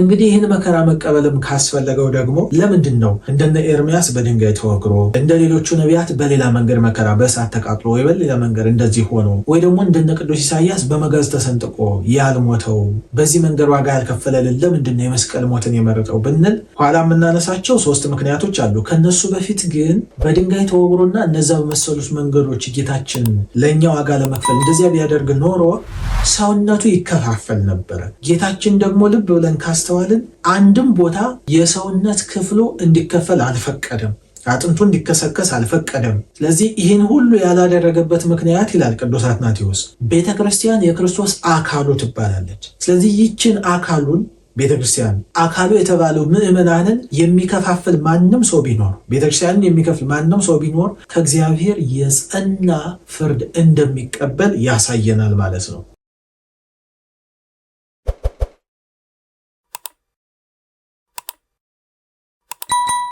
እንግዲህ ይህን መከራ መቀበልም ካስፈለገው ደግሞ ለምንድን ነው እንደነ ኤርሚያስ በድንጋይ ተወግሮ እንደ ሌሎቹ ነቢያት በሌላ መንገድ መከራ በእሳት ተቃጥሎ ወይ በሌላ መንገድ እንደዚህ ሆኖ ወይ ደግሞ እንደነ ቅዱስ ኢሳያስ በመጋዝ ተሰንጥቆ ያልሞተው በዚህ መንገድ ዋጋ ያልከፈለልን ለምንድን ነው የመስቀል ሞትን የመረጠው ብንል ኋላ የምናነሳቸው ሶስት ምክንያቶች አሉ። ከነሱ በፊት ግን በድንጋይ ተወግሮና እነዛ በመሰሉት መንገዶች ጌታችን ለእኛ ዋጋ ለመክፈል እንደዚያ ቢያደርግ ኖሮ ሰውነቱ ይከፋፈል ነበረ። ጌታችን ደግሞ ልብ ብለን ካስተዋልን አንድም ቦታ የሰውነት ክፍሉ እንዲከፈል አልፈቀደም። አጥንቱ እንዲከሰከስ አልፈቀደም። ስለዚህ ይህን ሁሉ ያላደረገበት ምክንያት ይላል ቅዱስ አትናቴዎስ፣ ቤተ ክርስቲያን የክርስቶስ አካሉ ትባላለች። ስለዚህ ይችን አካሉን ቤተክርስቲያን አካሉ የተባለው ምዕመናንን የሚከፋፍል ማንም ሰው ቢኖር ክርስቲያንን የሚከፍል ማንም ሰው ቢኖር ከእግዚአብሔር የጸና ፍርድ እንደሚቀበል ያሳየናል ማለት ነው።